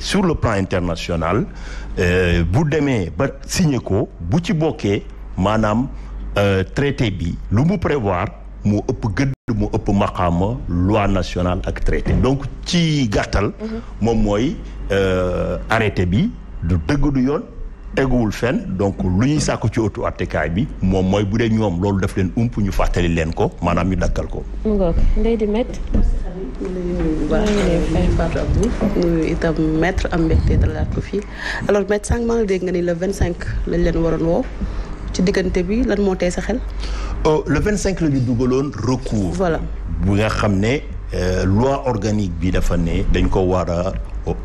sur le plan international vous euh, demee ba signé ko bu euh, traité bi lu mu prévoir mu ëpp gëdd mu loi nationale ak traité donc ci traité. Vous moi arrêté bi du dëgg du yoon donc lu ci bi bu daf leen ñu leen bu baax itam maître am mbégte dalaat ko fii alors maître sànq maa ngi dégg nga ni le 25 lañ leen waroon woo ci diggante bi lan moo tee sa xel. Oh, le 25 la ñu dugaloon recours. voilà bu nga xam ne euh, loi organique bi dafa ne dañ ko war a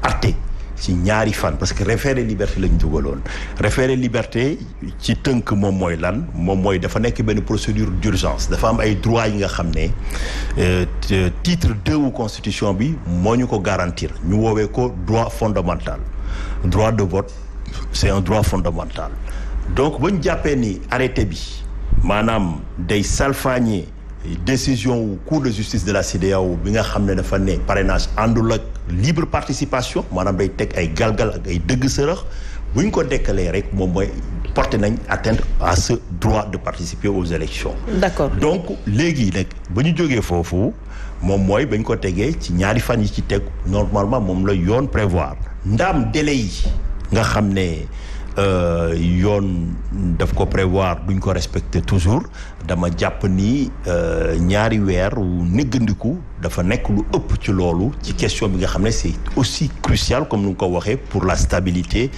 arté ci ñaari fan parce que référé liberté lañ dugaloon référé liberté ci tënk moom mooy lan moom mooy dafa nekk une procédure d'urgence dafa am ay droits yi nga euh, titre constitution bi moo ko garantir ñu woowee ko droit fondamental droit de vote c'est un droit fondamental donc si arrêté bi day décision wu cour de justice de la CEDEAO bi nga xam ne dafa ne parrainage àndul libre participation maanaam day teg ay galgal ak ay dëgg sërëx bu ñu ko dekkalee rek moom mooy porté nañ atteinte à ce droit de participer aux élections d'accord donc léegi nag ba ñu jógee foofu moom mooy ba ñu ko tegee ci ñaari fan yi ci teg normalement moom la yoon prévoir ndaam délai yi nga xam euh, yoon daf ko prévoir duñ ko respecter toujours dama japp ni euh, ñaari weer néggandiku dafa nekk lu ëpp ci loolu ci question bi nga xam ne c'est aussi crucial comme nous l'avons ko waxee pour la stabilité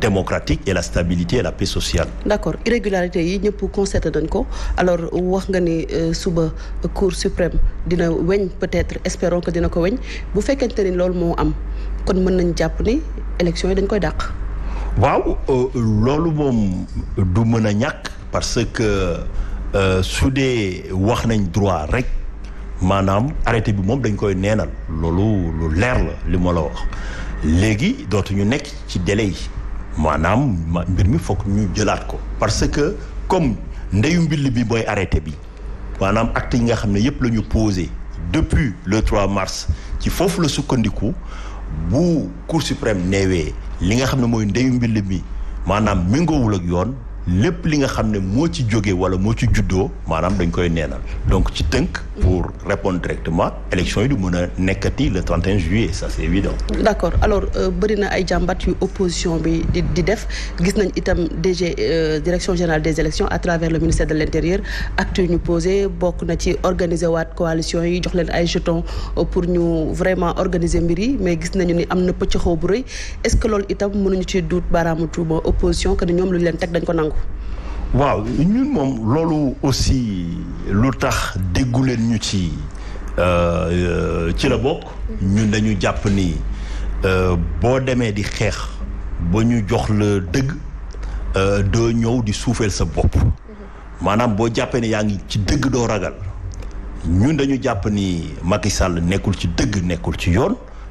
démocratique et la stabilité et la paix sociale. d'accord irrégularité yi ñëpp constaté dañ ko alors wax nga ni euh, suba cour suprême dina weñ peut-être espérons que dina ko weñ bu fekkente ni loolu moo am kon mën nañ jàpp ni élection yi dañ koy dàq waaw euh, loolu du mën parce que euh, su dee wax nañ droit rek maanaam arrêté bi moom dañ koy neenal loolu lu leer la li ma la wax délai parce que comme ndeyu mbill bi mooy arrêté bi maanaam acte yi nga ne yëpp la depuis le 3 mars ci le la coup, bu cour suprême neewee li nga xam ne mooy ndeyu mbill mi maanaam méngoowul ak yoon lepp li nga xam mo ci joggé wala mo ci juddoo manam dañ koy nénal donc ci tënk pour répondre directement élection yi du mën nekati le 31 juillet ça c'est évident D'accord. alors euh, bari na ay jambat yu opposition bi di di def gis nañ itam DG euh, direction générale des élections à travers le ministère de l'Intérieur, acte ñu posé bokk na ci organiser waat coalition yi jox leen ay jetons euh, pour ñu vraiment organiser mbiri mais gis nañu ni amna na xow bu reuy est ce que lool itam mënuñu ci doute baramu touba opposition que ñom lu leen tek dañ ko nangu waaw ñun moom loolu aussi lu tax déggu leen ñu ci euh, euh, ci la bokk. ñun dañu jàpp ni euh, boo demee di xeex ba ñu jox la dëgg doo ñëw di suufeel sa bopp. maanaam boo jàppee ne yaa ngi ci dëgg doo ragal ñun dañu jàpp ni Macky Sall nekkul ci dëgg nekkul ci yoon.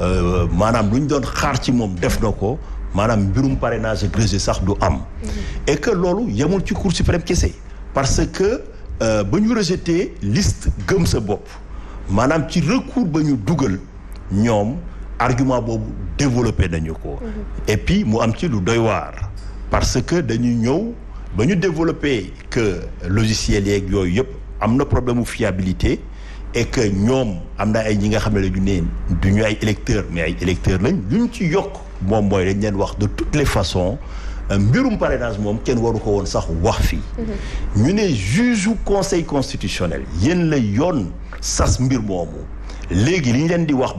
Euh, manam luñ doon xaar ci moom def na ko maanaam mbirum parrainage ak rejet sax du am. Mhm. et que loolu yamul ci cour suprême kese. parce que euh, ba ñu rejeté liste gëm sa bopp manam ci recours ba ñu dugal ñoom argument boobu développé nañu ko. Mhm. et puis mu am ci lu doy waar. parce que dañu ñëw ba ñu développé que logiciel yeeg yooyu yëpp am na problème fiabilité et que nous, am ay nga électeurs mais ay électeurs lañ ci de toutes les façons euh, mbirum parrainage waru ko sax wax mhm. ñu conseil constitutionnel la sas mbir leen di wax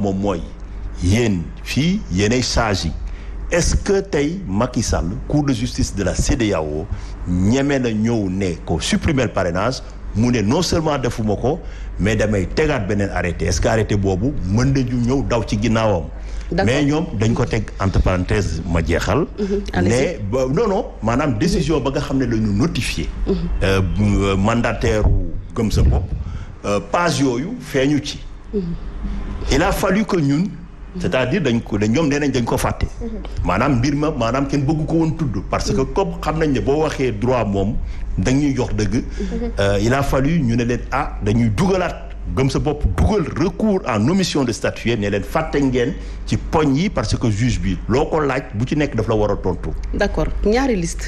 est-ce que Macky cour de justice de la CDAO, nous na supprimer le parrainage mu non seulement defumako mais damay tegaat benen arrêté est-ce que arrêté boobu mën nañu ñew daw ci ginaawam mais ñom dañ ko teg entre parenthèses ma jéxal mhm. mais non non manam décision ba nga xamné ne la ñu notifié. Euh, mandataire gëm sa euh page yoyu feeñu ci. Mhm. il a fallu que ñun. Mhm. c'est-à-dire dañ ko dañ ñoom nañ dañ ko faté mhm. manam mbir ma maanaam kenn bëgg ko won tuddu parce que mhm. comme xam nañ ne bo waxé droit mom dañ ñuy jox dëgg. Euh, il a fallu ñu né leen ah dañuy dugalaat gëm sa bopp dugal recours en omission de statuer mais elle est ngeen ci poñ yi parce que juge bi loo ko laaj bu ci nekk daf la a tontu. d'accord ñaari liste.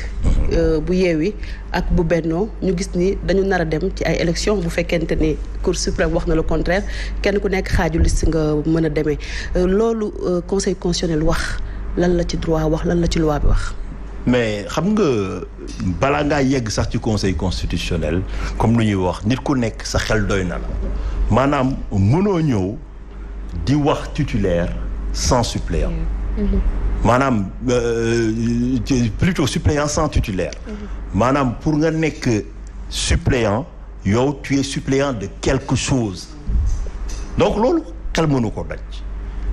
Euh, bu yeewi ak bu Nous ñu gis ni dañu a dem ci ay élections bu fekkente cour suprême wax na le contraire kenn ku nekk xaaju liste nga mën a euh, euh, conseil constitutionnel wax lan la ci droit wax lan la ci loi bi wax mais xam nga bala nga yegg sax ci conseil constitutionnel comme lu ñuy wax nit ku nekk sa xel doy na la maanaam mënoo ñëw di wax titulaire sans suppléant mm-hmm. Madame euh, plutôt suppléant sans titulaire mm-hmm. Madame pour nga nekk suppléant yow tu es suppléant de quelque chose donc loolu xel mënu ko daj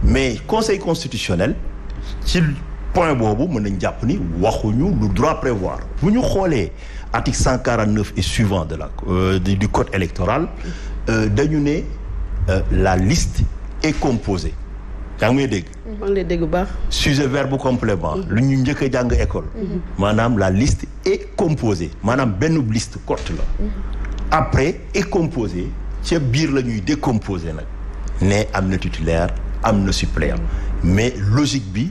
mais conseil constitutionnel ci point bobu meun nañ japp ni waxuñu lu droit prévoir bu ñu xoolee article 149 et suivant de la euh, du code électoral euh, dañu ne euh, la liste est composée yaa ngi dégg. on mhm. lay dégg sujet verbe complément. Mhm. lu ñu njëkk a jàng école. Mhm. maanaam la liste est composée maanaam benn liste courte la. après est composée ca biir la ñuy décomposé nag. ne am na titulaire am suppléant mais logique bi.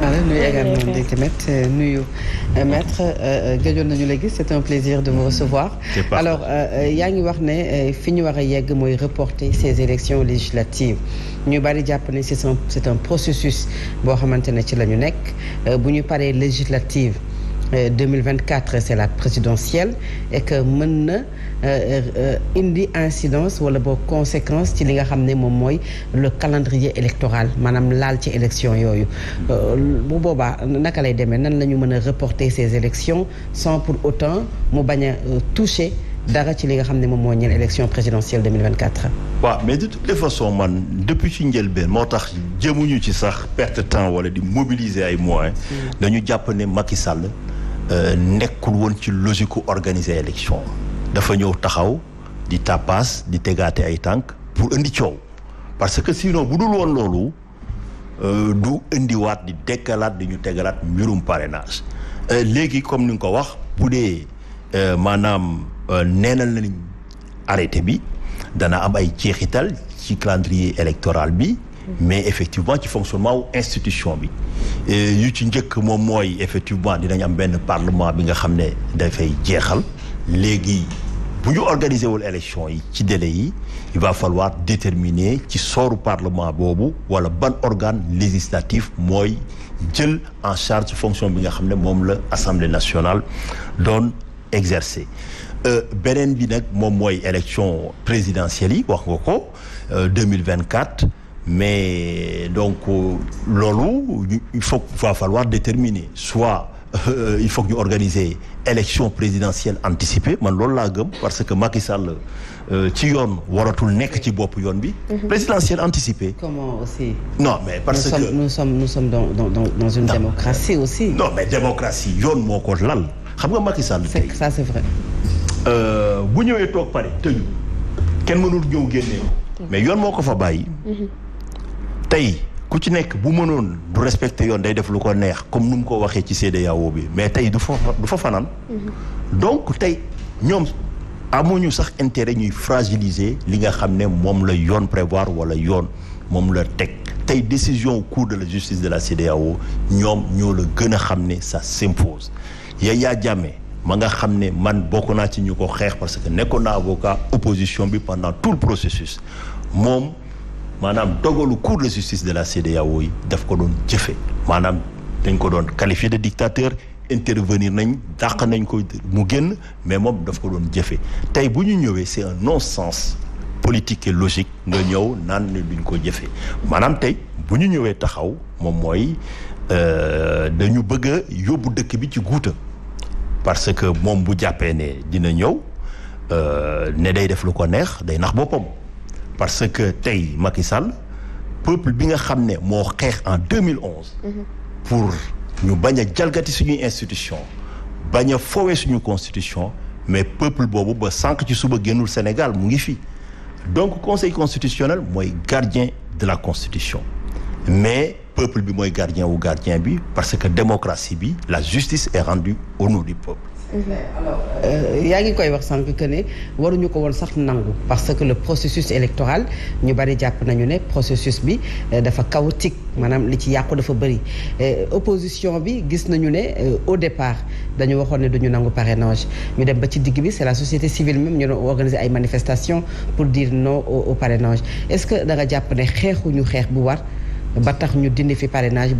Nous ngi nuyu également Ndeye Diamet euh, nuyu euh, maître euh, gëjoon nañu la gis c'est un plaisir de vous mm-hmm. recevoir. alors yaa ngi wax ne fi yegg reporter ces élections législatives ñu bari jàpp c'est un c'est un processus boo xamante ne ci la ñu nekk bu législative. 2024 euh, c'est la présidentielle et que maintenant, na euh, euh, indi incidence ou une conséquence ci li nga xam le calendrier électoral Madame l'alte élection yooyu bu Boba, naka lay nan reporter ces élections sans pour autant mu toucher dara ci li nga xam élection présidentielle 2024 mais de toutes les façons man depuis que njëlbeen moo tax jëmuñu ci sax perte temps wala di mobiliser ay moyens hmm. dañu jàpp ne Macky Sall euh, nekul won ci logique organiser élection dafa ñew taxaw di tapas di tégaté ay tank pour indi coow parce que sinon bu dul lolu euh du wat di dekkalaat di ñu tegalaat parrainage euh, légui comme ni nga ko wax boudé euh manam euh, nénal nañ arrêté bi dana am ay jeexital ci calendrier électoral bi mais effectivement qui fonctionnement wu institution bi yu ci njëkk moom mooy effectivement dinañ am benn parlement bi nga xam ne dafay jeexal léegi bu ñu organiser wul élection yi ci délai yi il va falloir déterminer ci sooru parlement boobu wala ban organe législatif mooy jël en charge fonction bi nga xam ne moom la assemblée nationale doon exercer euh, beneen bi nag moom mooy élection présidentielle yi wax 2024 mais donc, euh, Lolo, il faut, va falloir déterminer soit euh, il faut que nous organiser élection présidentielle anticipée man loolu laa gëm parce que Macky Sall euh, ci yoon waratul Nek, ci bopp bi. Mhm. présidentielle anticipée. comment aussi. non mais parce nous que nous sommes nous sommes dans dans dans une non. démocratie aussi. non mais démocratie yon moo ko lal nga Macky Sall. ça c'est vrai. Euh, bu ñëwee toog pare tëju kenn mënul ñëw génnee mhm. mais yon moo ko fa bàyyi. Mhm tey ku ci nek bu mënoon du respecter yoon day def lu ko neex comme num ko waxe ci cdao bi mais tay du fa du fa fanan. Mhm. donc tay ñoom amuñu sax intérêt ñuy fragiliser li nga xamné mom la yoon prévoir wala yoon mom la tek. tey décision cour de la justice de la cdao ñom ñoo la gën xamné ça s'impose ya Jammeh ma nga xamné man bokk ci ñuko ko parce que nekkoon avocat opposition bi pendant tout le processus Mom Madame, le cours de justice de la CDAO, yi daf ko dañ de dictateur intervenir nañ nañ ko mu mais vous daf ko c'est un non-sens politique et logique nga ñëw vous ne duñ ko vous tay bu ñu taxaw moy euh dañu bëgg a dëkk bi ci parce que mom bu ne dina ñëw euh, né day def lu ko parce que Tay Macky Sall peuple bi nga en 2011. Mhm. pour nous bañ a institution bañ a suñu constitution mais peuple boobu ba sans ci suba génnul Sénégal mu ngi fi donc conseil constitutionnel est gardien de la constitution mais le peuple est gardien ou gardien parce que la démocratie la justice est rendue au nom du peuple euh, yaa ngi koy wax sank que ne waruñu ko won sax nangu parce que le processus électoral ñu bari japp nañu ne processus bi euh, dafa chaotique manam li ci yàqu dafa bari euh, opposition bi gis nañu ne au départ dañu waxone ne duñu nangu parrainage ñu dem ba ci digg bi c'est la société civile même ñu doon organiser ay manifestations pour dire non au parrainage est-ce que da nga jàpp ne ñu xex bu war ba tax ñu dindi fi parrainage